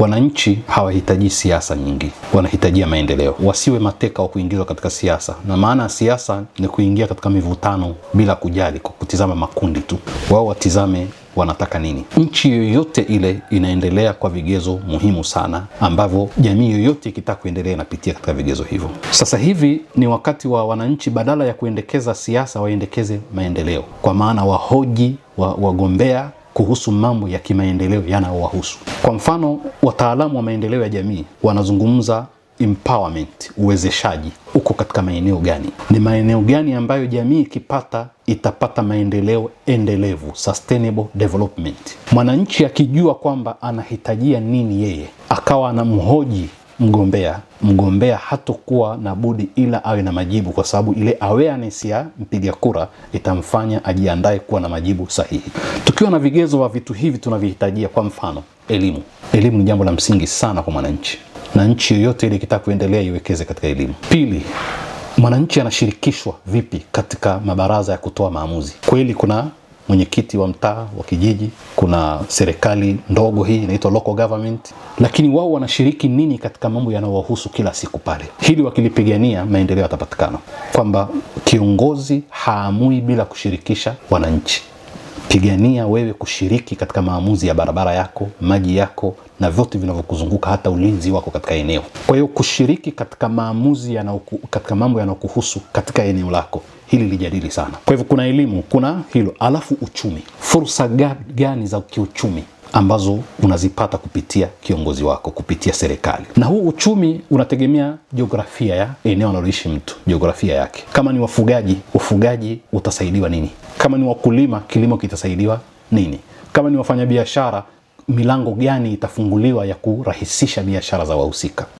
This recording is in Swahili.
Wananchi hawahitaji siasa nyingi, wanahitajia maendeleo, wasiwe mateka wa kuingizwa katika siasa. Na maana ya siasa ni kuingia katika mivutano bila kujali, kwa kutizama makundi tu. Wao watizame wanataka nini. Nchi yoyote ile inaendelea kwa vigezo muhimu sana, ambavyo jamii yoyote ikitaka kuendelea inapitia katika vigezo hivyo. Sasa hivi ni wakati wa wananchi, badala ya kuendekeza siasa waendekeze maendeleo, kwa maana wahoji wagombea kuhusu mambo ya kimaendeleo yanayowahusu. Kwa mfano, wataalamu wa maendeleo ya jamii wanazungumza empowerment, uwezeshaji uko katika maeneo gani? Ni maeneo gani ambayo jamii ikipata itapata maendeleo endelevu, sustainable development? Mwananchi akijua kwamba anahitajia nini, yeye akawa anamhoji mgombea, mgombea hatokuwa na budi ila awe na majibu, kwa sababu ile awareness ya mpiga kura itamfanya ajiandae kuwa na majibu sahihi. Tukiwa na vigezo wa vitu hivi tunavihitajia, kwa mfano elimu. Elimu ni jambo la msingi sana kwa mwananchi, na nchi yoyote ile ikitaka kuendelea iwekeze katika elimu. Pili, mwananchi anashirikishwa vipi katika mabaraza ya kutoa maamuzi? Kweli kuna mwenyekiti wa mtaa wa kijiji, kuna serikali ndogo hii inaitwa local government, lakini wao wanashiriki nini katika mambo yanayowahusu kila siku pale? Hili wakilipigania maendeleo yatapatikana, kwamba kiongozi haamui bila kushirikisha wananchi. Pigania wewe kushiriki katika maamuzi ya barabara yako, maji yako na vyote vinavyokuzunguka hata ulinzi wako katika eneo. Kwa hiyo kushiriki katika maamuzi ya katika mambo yanayokuhusu katika eneo lako hili lijadili sana. Kwa hivyo kuna elimu, kuna hilo, alafu uchumi. Fursa gani za kiuchumi ambazo unazipata kupitia kiongozi wako, kupitia serikali. Na huu uchumi unategemea jiografia ya eneo analoishi mtu, jiografia yake. Kama ni wafugaji, ufugaji utasaidiwa nini? Kama ni wakulima, kilimo kitasaidiwa nini? Kama ni wafanyabiashara, milango gani itafunguliwa ya kurahisisha biashara za wahusika?